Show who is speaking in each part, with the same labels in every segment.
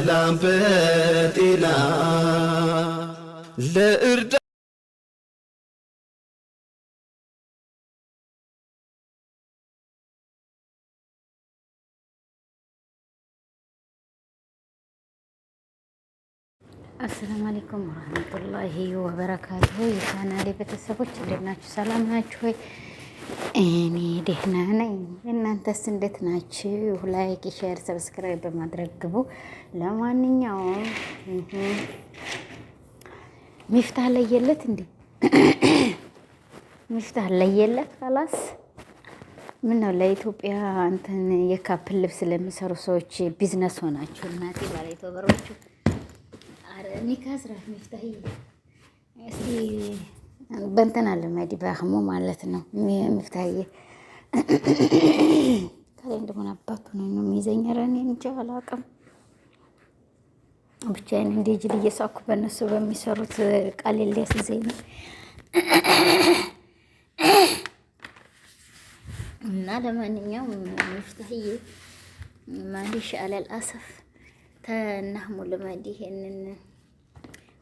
Speaker 1: በሰላም በጤና
Speaker 2: ለእርዳ አሰላሙ አለይኩም ወራህመቱላሂ ወበረካቱሁ። የቻናሌ ቤተሰቦች እንዴት ናችሁ? ሰላም ናችሁ ወይ? እኔ ደህና ነኝ። እናንተስ እንዴት ናችሁ? ላይክ፣ ሼር፣ ሰብስክራይብ በማድረግ ግቡ። ለማንኛውም ሚፍታህ ለየለት እንዴ? ሚፍታህ ለየለት ካላስ ምን ነው ለኢትዮጵያ እንትን የካፕል ልብስ ለሚሰሩ ሰዎች ቢዝነስ ሆናችሁ እናቴ ባለኢትዮጵያ በሮቹ አረ ኒካ ስራት ሚፍታህ እስቲ በእንትን አልመዲ በአህሙ ማለት ነው የሚፍታዬ ከላይ እንደሆነ አባቱ ነው የሚይዘኝ። ኧረ እኔ እንጃ አላውቅም። ብቻዬን እንደ ጅል እየሳኩ በእነሱ በሚሰሩት ቃሌል ሊያስይዘኝ ነው እና ለማንኛውም ሚፍታዬ ማሊሽ አለል አሰፍ ተናህሙ ልመዲ ይሄንን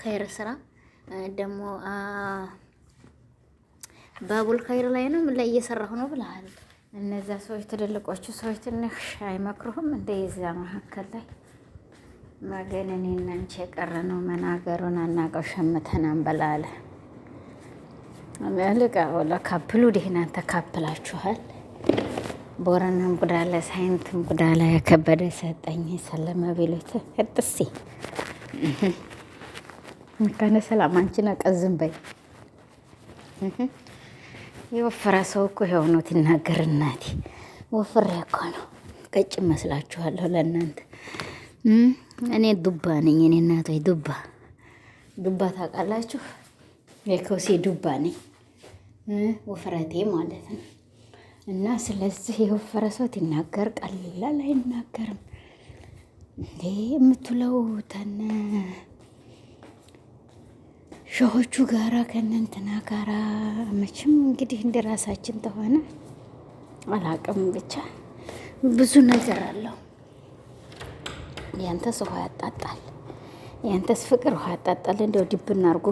Speaker 2: ኸይር ስራ ደግሞ ባቡልካይር ላይ ነው ምን ላይ እየሰራሁ ነው ብለሃል። እነዛ ሰዎች ትልልቆቹ ሰዎች ትንሽ አይመክሩህም? እንደ የዛ መካከል ላይ መገን እኔ እና አንቺ የቀረ ነው መናገሩን አናቀው ሸምተን አንበላለ ልቃ ካፕሉ ደህናንተ ካፕላችኋል። ቦረናም ጉዳለ ሳይንትም ጉዳለ የከበደ ሰጠኝ ሰለመ ቤሎት እጥሲ ከነ ሰላም አንቺ ነቀዝም በይ የወፈረ ሰው እኮ ይኸው ነው ትናገር። እናቴ ወፍሬ እኮ ነው ቀጭን መስላችኋለሁ ለእናንተ። እኔ ዱባ ነኝ። እኔ እናቶች ዱባ ዱባ ታውቃላችሁ? የከውሴ ዱባ ነኝ ወፍረቴ ማለት ነው። እና ስለዚህ የወፈረ ሰው ትናገር ቀላል አይናገርም እንዴ የምትለው ተነ ሸሆቹ ጋራ ከእነንትና ጋራ መቼም እንግዲህ እንደ ራሳችን ተሆነ አላቅም ብቻ ብዙ ነገር አለው። ያንተስ ውሃ ያጣጣል፣ ያንተስ ፍቅር ውሃ ያጣጣል። እንዲያው ድብና አርጎ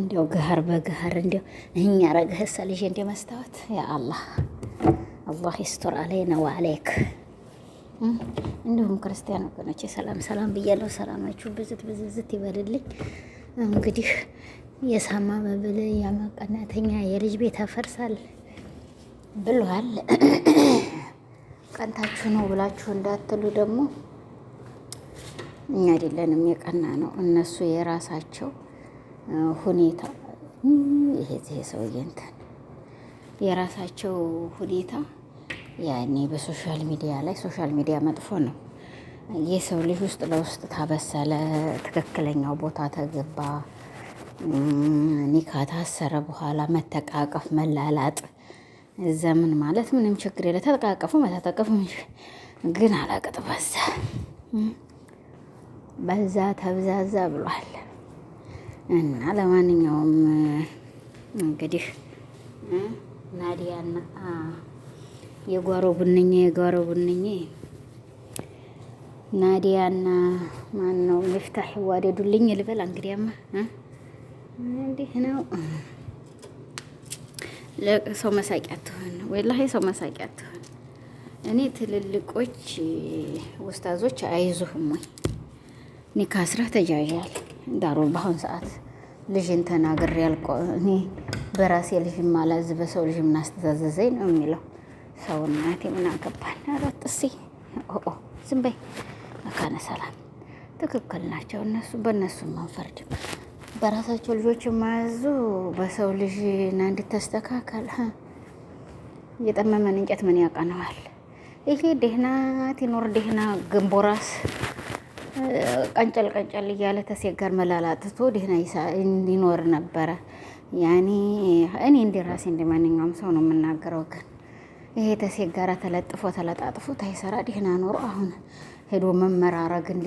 Speaker 2: እንዲያው ገሀር በገሀር እንዲያው እኛ ረገሰ ልጅ እንደ መስታወት ያ አላህ አላህ ይስቶር አለይና ወአለይክ። እንዲሁም ክርስቲያን ወገኖች ሰላም ሰላም ብያለሁ። ሰላማችሁ ብዝት ብዝዝት ይበልልኝ። እንግዲህ የሳማ መብል ያመቀናተኛ የልጅ ቤት ያፈርሳል ብሏል። ቀንታችሁ ነው ብላችሁ እንዳትሉ ደግሞ እኛ አይደለንም የቀና ነው እነሱ የራሳቸው ሁኔታ ይሄ ይሄ ሰውዬ እንትን የራሳቸው ሁኔታ ያኔ በሶሻል ሚዲያ ላይ ሶሻል ሚዲያ መጥፎ ነው። የሰው ልጅ ውስጥ ለውስጥ ታበሰለ፣ ትክክለኛው ቦታ ተገባ፣ ኒካ ታሰረ በኋላ መተቃቀፍ፣ መላላጥ ዘምን ማለት ምንም ችግር የለ። ተጠቃቀፉ፣ መተጠቀፉ ግን አላቅጥ በዛ በዛ ተብዛዛ ብሏል። እና ለማንኛውም እንግዲህ ናዲያና የጓሮ ቡንኜ የጓሮ ቡንኜ ናዲያ እና ማን ነው ሚፍታህ ይዋደዱልኝ ልበል። እንግዲያማ እንዲህ ነው። ሰው መሳቂያ ትሆን ወላሂ፣ ሰው መሳቂያ ትሆን። እኔ ትልልቆች ውስታዞች አይዞህም ወይ ኒካ አስረህ ተጃዣል ዳሮል በአሁን ሰዓት ልጅን ተናግር ያልቆ እኔ በራሴ ልጅ ማላዝ በሰው ልጅ ምናስተዛዘዘኝ ነው የሚለው ሰውናቴ ምናገባን ረጥሲ ዝም በይ። መካነ ሰላም ትክክል ናቸው። እነሱ በእነሱ መንፈርድ በራሳቸው ልጆች የማያዙ በሰው ልጅ ና እንድተስተካከል የጠመመን እንጨት ምን ያቀነዋል? ይሄ ደህና ቲኖር ደህና ግንቦራስ ቀንጨል ቀንጨል እያለ ተሴት ጋር መላላጥቶ ደህና እንዲኖር ነበረ። ያኔ እኔ እንዲ ራሴ እንደ ማንኛውም ሰው ነው የምናገረው። ግን ይሄ ተሴት ጋር ተለጥፎ ተለጣጥፎ ታይሰራ ደህና ኖሮ አሁን ሄዶ መመራረግ እንደ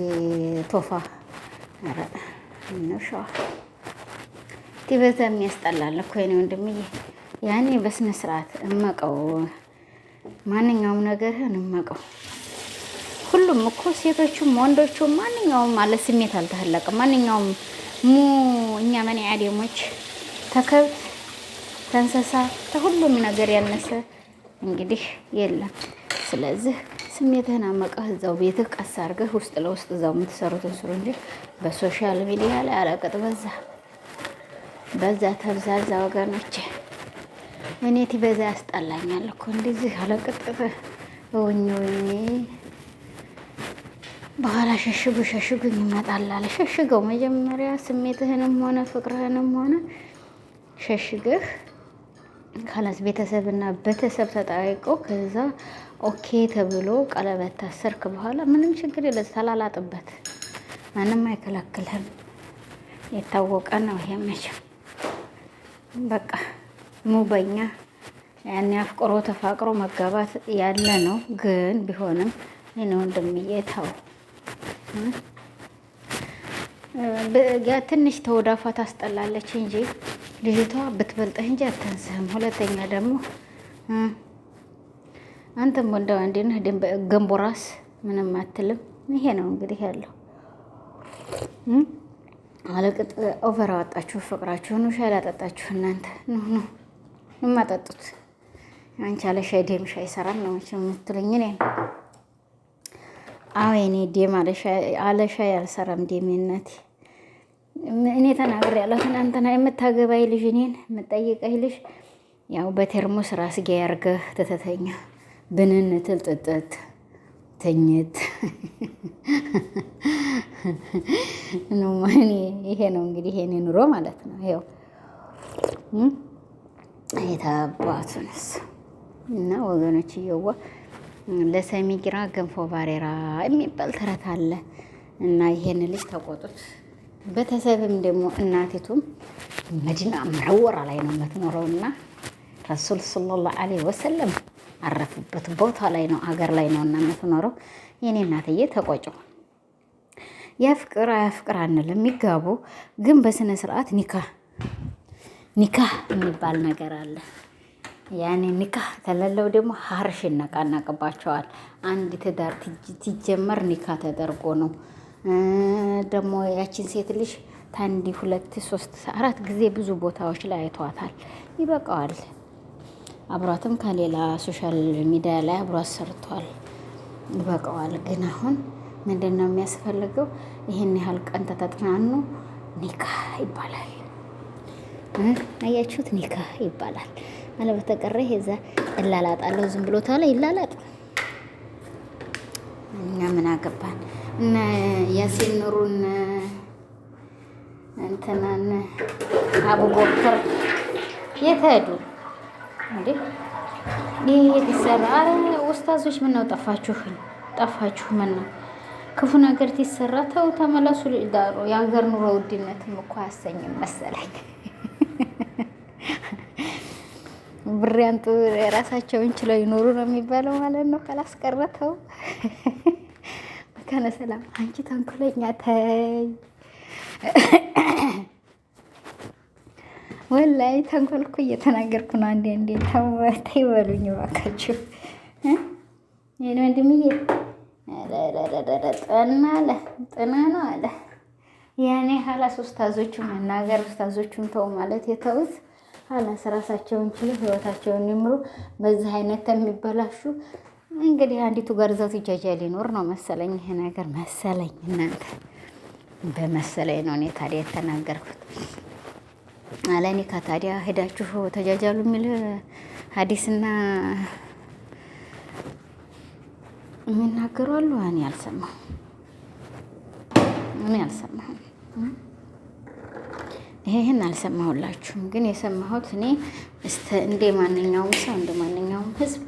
Speaker 2: ቶፋ ነሻ ቲበተ የሚያስጠላል እኮ የእኔ ወንድምዬ። ያኔ በስነ ስርዓት እመቀው፣ ማንኛውም ነገርህን እመቀው። ሁሉም እኮ ሴቶቹም ወንዶቹም ማንኛውም ማለት ስሜት አልተፈለቀም። ማንኛውም ሙ እኛ መን አደሞች ተከብት ተንሰሳ ተሁሉም ነገር ያነሰ እንግዲህ የለም። ስለዚህ ስሜትህን አመቀህ እዛው ቤትህ ቀስ አድርገህ ውስጥ ለውስጥ እዛው የምትሰሩትን ስሩ እንጂ በሶሻል ሚዲያ ላይ አለቅጥ በዛ በዛ ተብዛዛ ወገኖቼ። እኔ ቲበዛ ያስጠላኛል እኮ እንደዚህ አለቅጥ እውኝ ወይኔ በኋላ ሸሽጉ ሸሽጉኝ ይመጣላል። ሸሽገው መጀመሪያ ስሜትህንም ሆነ ፍቅርህንም ሆነ ሸሽገህ ካላስ ቤተሰብና ቤተሰብ ተጠያይቀው ከዛ ኦኬ ተብሎ ቀለበት ታሰርክ በኋላ ምንም ችግር የለ፣ ተላላጥበት፣ ማንም አይከለክልህም። የታወቀ ነው ይሄ መቼም በቃ ሙበኛ ያኔ አፍቅሮ ተፋቅሮ መጋባት ያለ ነው። ግን ቢሆንም እኔ ወንድምዬ ተው ትንሽ ተወዳፏ ታስጠላለች እንጂ ልጅቷ ብትበልጥህ እንጂ አታንስህም። ሁለተኛ ደግሞ አንተም ወንደው አንዴ ነህ፣ ገንቦ ምንም አትልም። ይሄ ነው እንግዲህ ያለው አለቅጥ ኦቨር አወጣችሁ ፍቅራችሁን። ሻይ ላጠጣችሁ እናንተ ኑ ኑ የማጠጡት አንቺ አለ ሻይ ደም ሻይ ሰራም ነው የምትሉኝ እኔ አዎ የኔ ደም አለ ሻይ አልሰራም። ደም እናቴ እኔ ተናግሬ ያለሁ ትናንትና የምታገባይ ልጅ እኔን የምጠይቀኝ ልጅ ያው በቴርሞስ ራስጌ ያርገህ ትተተኛ ብንን ትልጥጥት ተኝት ይሄ ነው እንግዲህ የኔ ኑሮ ማለት ነው። ይኸው የታባቱንስ እና ወገኖች እየዋ ለሰሚ ግራ ገንፎ ባሬራ የሚባል ተረት አለ እና ይሄን ልጅ ተቆጡት። ቤተሰብም ደግሞ እናቲቱም መዲና መረወራ ላይ ነው የምትኖረው እና ረሱል ሰለላሁ ዐለይሂ ወሰለም አረፉበት። ቦታ ላይ ነው አገር ላይ ነው እና የምትኖረው የኔ እናትዬ ተቆጮ የፍቅር አያፍቅር አንልም። የሚጋቡ ግን በስነ ስርዓት ኒካ ኒካ የሚባል ነገር አለ። ያኔ ኒካ ከሌለው ደግሞ ሀርሽ ይነቃነቅባቸዋል። አንድ ትዳር ሲጀመር ኒካ ተደርጎ ነው። ደግሞ ያችን ሴት ልጅ ታንዲ ሁለት ሶስት አራት ጊዜ ብዙ ቦታዎች ላይ አይተዋታል። ይበቃዋል። አብሯትም ከሌላ ሶሻል ሚዲያ ላይ አብሯት ሰርቷል፣ ይበቃዋል። ግን አሁን ምንድን ነው የሚያስፈልገው? ይህን ያህል ቀን ተተጥናኑ ኒካ ይባላል። አያችሁት? ኒካ ይባላል። አለ በተቀረ ዛ እላላጣለሁ ዝም ብሎታል። ይላላጥ እኛ ምን አገባን? እና ያሲን ኑሩን እንትናን አቡበከር የት ሄዱ? እንዴ ይህ ይሰራ። አረ ኡስታዞች ምን ጠፋችሁ? ጠፋችሁ ምን ነው ክፉ ነገር ትሰራ? ተው ተመለሱ። ዳሮ የሀገር ኑሮ ውድነትም እኮ አያሰኝም መሰለኝ። ብሪያንቱ ራሳቸውን ችለው ይኖሩ ነው የሚባለው ማለት ነው። ካላስቀረተው መካነ ሰላም አንቺ ተንኮለኛ ተይ ወላይ ተንኮል እየተናገርኩ ነው። አንዴ አንዴ ተይ በሉኝ እባካችሁ። ይሄን ወንድምዬ ጠና አለ ጥና ነው አለ። ያኔ ሀላስ ውስታዞቹ መናገር ውስታዞቹም ተው ማለት የተውት ሀላስ ራሳቸውን ችለው ህይወታቸውን ይምሩ። በዚህ አይነት የሚበላሹ እንግዲህ አንዲቱ ጋር ትጃጃ ሊኖር ነው መሰለኝ። ይሄ ነገር መሰለኝ እናንተ በመሰለኝ ነው እኔ ታዲያ የተናገርኩት። አለኒካ ታዲያ ሄዳችሁ ተጃጃሉ የሚል ሀዲስና የሚናገሩ አሉ። እኔ አልሰማሁም፣ እኔ አልሰማሁም፣ ይሄን አልሰማሁላችሁም። ግን የሰማሁት እኔ እስተ እንደ ማንኛውም ሰው እንደ ማንኛውም ህዝብ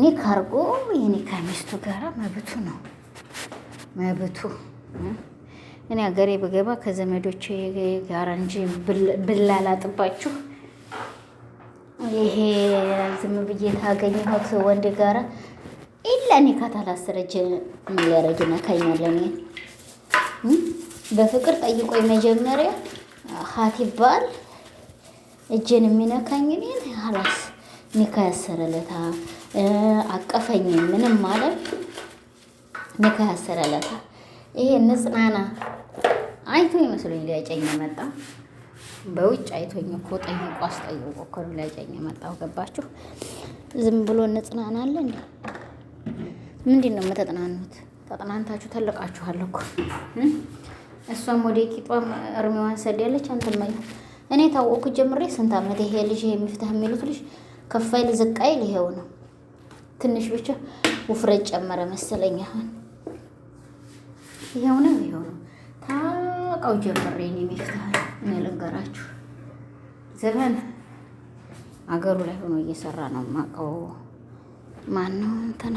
Speaker 2: ኒካ አድርጎ የኒካ ሚስቱ ጋራ መብቱ ነው መብቱ እኔ ሀገሬ በገባ ከዘመዶቼ ጋር እንጂ ብላላጥባችሁ ይሄ ዝም ብዬ ታገኘሁት ወንድ ጋራ ኢላ እኔ ካታላሰረች ምን ሊያረግ ነካኛለን። በፍቅር ጠይቆ መጀመሪያ ሀት ይባል እጅን የሚነካኝ እኔን ሀላስ ኒካ ያሰረለታ አቀፈኝ ምንም ማለት ኒካ ያሰረለታ ይሄ ንጽናና አይቶ ይመስለኝ ሊያጨኝ መጣ። በውጭ አይቶኝ እኮ ጠይቆ አስጠይቆ እኮ ነው ሊያጨኝ መጣው። ገባችሁ? ዝም ብሎ እንጽናናለ እንዴ? ምንድን ነው የምትጽናኑት? ተጽናንታችሁ ተለቃችኋል እኮ። እሷም ወደ ቂጧም እርሜዋን ሰዳለች። አንተም እኔ ታወቁ ጀምሬ ስንት ዓመት ይሄ ልጅ የሚፍታህ የሚሉት ልጅ ከፋይል ዝቃይል ይሄው ነው። ትንሽ ብቻ ውፍረት ጨመረ መሰለኝ። አሁን ይሄው ነው ይሄው ነው። አው ጀምሬ ነው የሚፍታህ እኔ ልንገራችሁ ዘመን አገሩ ላይ ሆኖ እየሰራ ነው የማውቀው። ማነው እንትና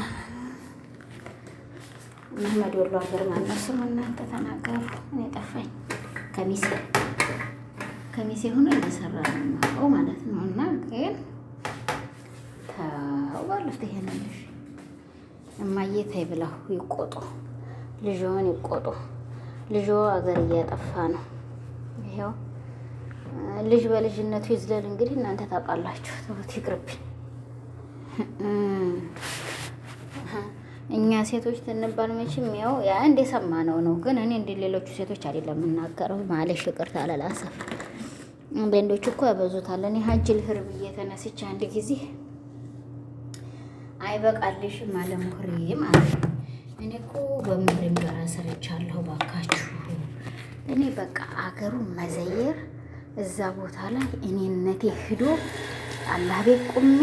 Speaker 2: መሀመድ ወሎ ሀገር ማነው ስሙ? እናንተ ተናገሩ። እኔ ጠፋኝ። ከሚሴ ከሚሴ ሆኖ እየሰራ ነው የማውቀው ማለት ነው። እና ግን ተው ባሉት ይሄን ልጅ እማዬ ተይ ብላሁ ይቆጡ ልጅውን ይቆጡ ልጆ አገር እያጠፋ ነው። ይኸው ልጅ በልጅነቱ ይዝለል። እንግዲህ እናንተ ታውቃላችሁ። ተውት ይቅርብኝ። እኛ ሴቶች ትንባል መቼም ያው ያ ሰማ ነው ነው። ግን እኔ እንደ ሌሎቹ ሴቶች አይደለም የምናገረው። ማለሽ ይቅርታ አላላሰፍ አንዳንዶቹ እኮ ያበዙታል። እኔ ሀጅ ልህር ብዬ ተነስቼ አንድ ጊዜ አይበቃልሽም አለሙህሪ ማለት ነው እኔ እኮ በምድርም ጋር ሰርቻለሁ ባካችሁ። እኔ በቃ አገሩ መዘየር እዛ ቦታ ላይ እኔነቴ ሂዶ አላህ ቤት ቁሜ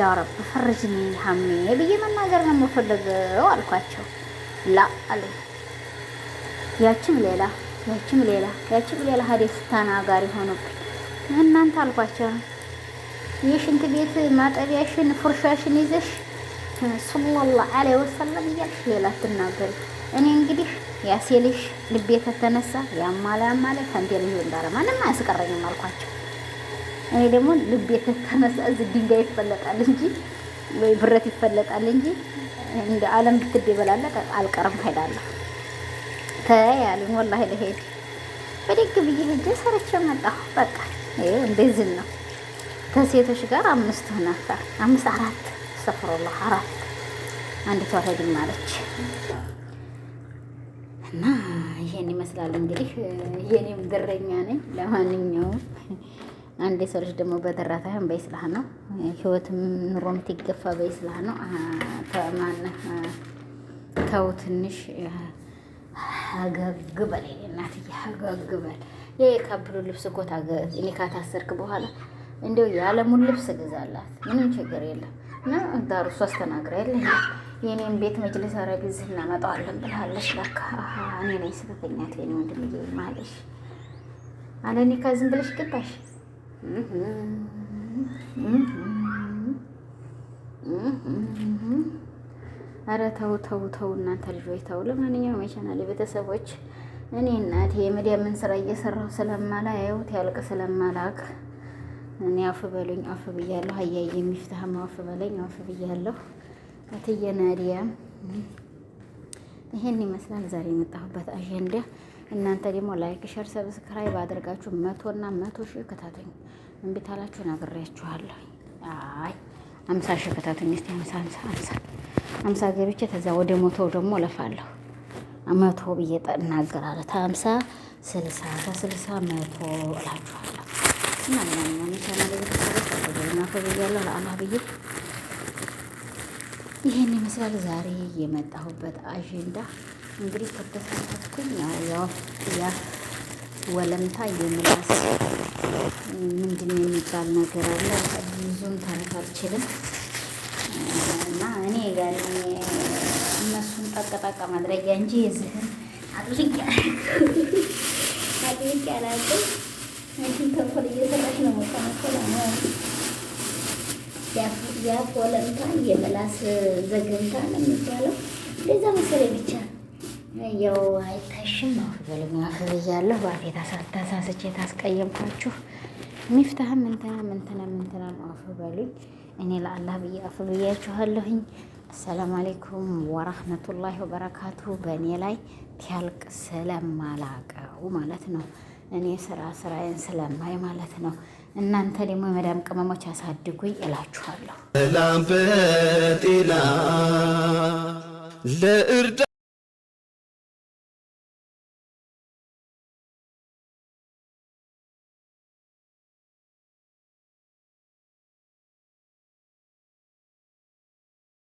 Speaker 2: ያው ረብ ፈርጅኒ ሀሜ ብዬ መናገር ነው የምፈልገው አልኳቸው። ላ አለ ያችም ሌላ ያችም ሌላ ያችም ሌላ ሀዲስ ተናጋሪ ሆኑብኝ። እናንተ አልኳቸው የሽንት ቤት ማጠቢያሽን ፉርሻሽን ይዘሽ ሰለላሁ ዐለይሂ ወሰለም እያልሽ ሌላ ትናገሪ። እኔ እንግዲህ ያሴልሽ ልቤ ተተነሳ ያማለ ያማለ ከንቴ ልዩ እንዳረ ማንም አያስቀረኝም አልኳቸው። እኔ ደግሞ ልቤ ተተነሳ እዚህ ድንጋይ ይፈለጣል እንጂ ወይ ብረት ይፈለጣል እንጂ እንደ ዓለም ብትደበላለቅ አልቀርም ሄዳለሁ። ተይ ወላሂ ለሄድ በደግ ብዬ ሄጄ ሰርቼ መጣሁ። በቃ እንደዚህ ነው። ከሴቶች ጋር አምስት ሆናታ አምስት አራት አስተፍሮላ አራት አንዲቷ ተድም አለች። እና ይሄን ይመስላል እንግዲህ የኔም ግረኛ ነኝ። ለማንኛውም አንድ ሰው ልጅ ደግሞ በደራታ ይሁን በይስላህ ነው ህይወትም ኑሮም ትገፋ በይስላህ ነው። ተማነ ተው ትንሽ ሀገግ በል እናትዬ፣ ሀገግ በል የካብሉ ልብስ እኮ እኔ ካታሰርክ በኋላ እንደው የዓለሙን ልብስ ግዛላት፣ ምንም ችግር የለም። እና ዳሩሱ አስተናግራ የለን የኔም ቤት መጅልስ አረብ እዚህ እናመጣዋለን ብላለች። ለካ እኔ ነኝ ስህተተኛት የኔ ወንድምዬ ማለሽ አለኔ ካዝም ብለሽ ገባሽ አረ ተው ተው ተው፣ እናንተ ልጆች ተው። ለማንኛውም የቻናል ቤተሰቦች እኔ እናቴ የመዲያ ስራ እየሰራሁ ስለማላየው ያልቅ ስለማላክ እኔ አፍ በሉኝ አፍ ብያለሁ። አያዬ የሚፍታህም አፍ በለኝ አፍ ብያለሁ። እትዬ ናዲያም ይሄን ይመስላል ዛሬ የመጣሁበት አጀንዳ። እናንተ ደግሞ ላይክ፣ ሸር፣ ሰብስክራይብ አድርጋችሁ እና መቶ ሺህ ክታቱኝ። እምቢት ነግሬያችኋለሁ። አይ አምሳ ሺህ ክታቱኝ እስኪ አምሳ አምሳ አምሳ አምሳ ገብቼ ተዛ ወደ መቶ ደግሞ እለፋለሁ። መቶ ብዬ እናገራለሁ። ታምሳ ስልሳ ከስልሳ መቶ እላችኋለሁ። ሁላችሁ ማንኛውም ቻናል ቤተሰቦች ተገና ፈብያለሁ። ለአላህ ብዬ ይህን ይመስላል ዛሬ የመጣሁበት አጀንዳ። እንግዲህ ከተሳሳትኩኝ ያው ያ ወለምታ የምላስ ምንድን የሚባል ነገር አለ። ብዙም ታሪክ አልችልም እና እኔ ያኔ እነሱን ጠቀጣቃ ማድረጊያ እንጂ የዝህን አጥብቅ አላውቅም። አንቺን ተንኮል እየሰራሽ ነው። ሞካ መኮላ ነው ያፍ ወለምታ የመላስ ዘገምታ ነው የሚባለው። እንደዛ መሰለኝ ብቻ ያው አይታሽም አፍ አፍ ብያለሁ። ታስቀየምኳችሁ። ሚፍታህም አፍ በሉኝ። እኔ ለአላህ ብዬ አፍ ብያችኋለሁኝ። አሰላሙ አሌይኩም ወበረካቱ። በእኔ ላይ ቲያልቅ ስለማላቀው ማለት ነው እኔ ስራ ስራዬን ስለማይ ማለት ነው። እናንተ ደግሞ የመዳም ቅመሞች አሳድጉኝ እላችኋለሁ።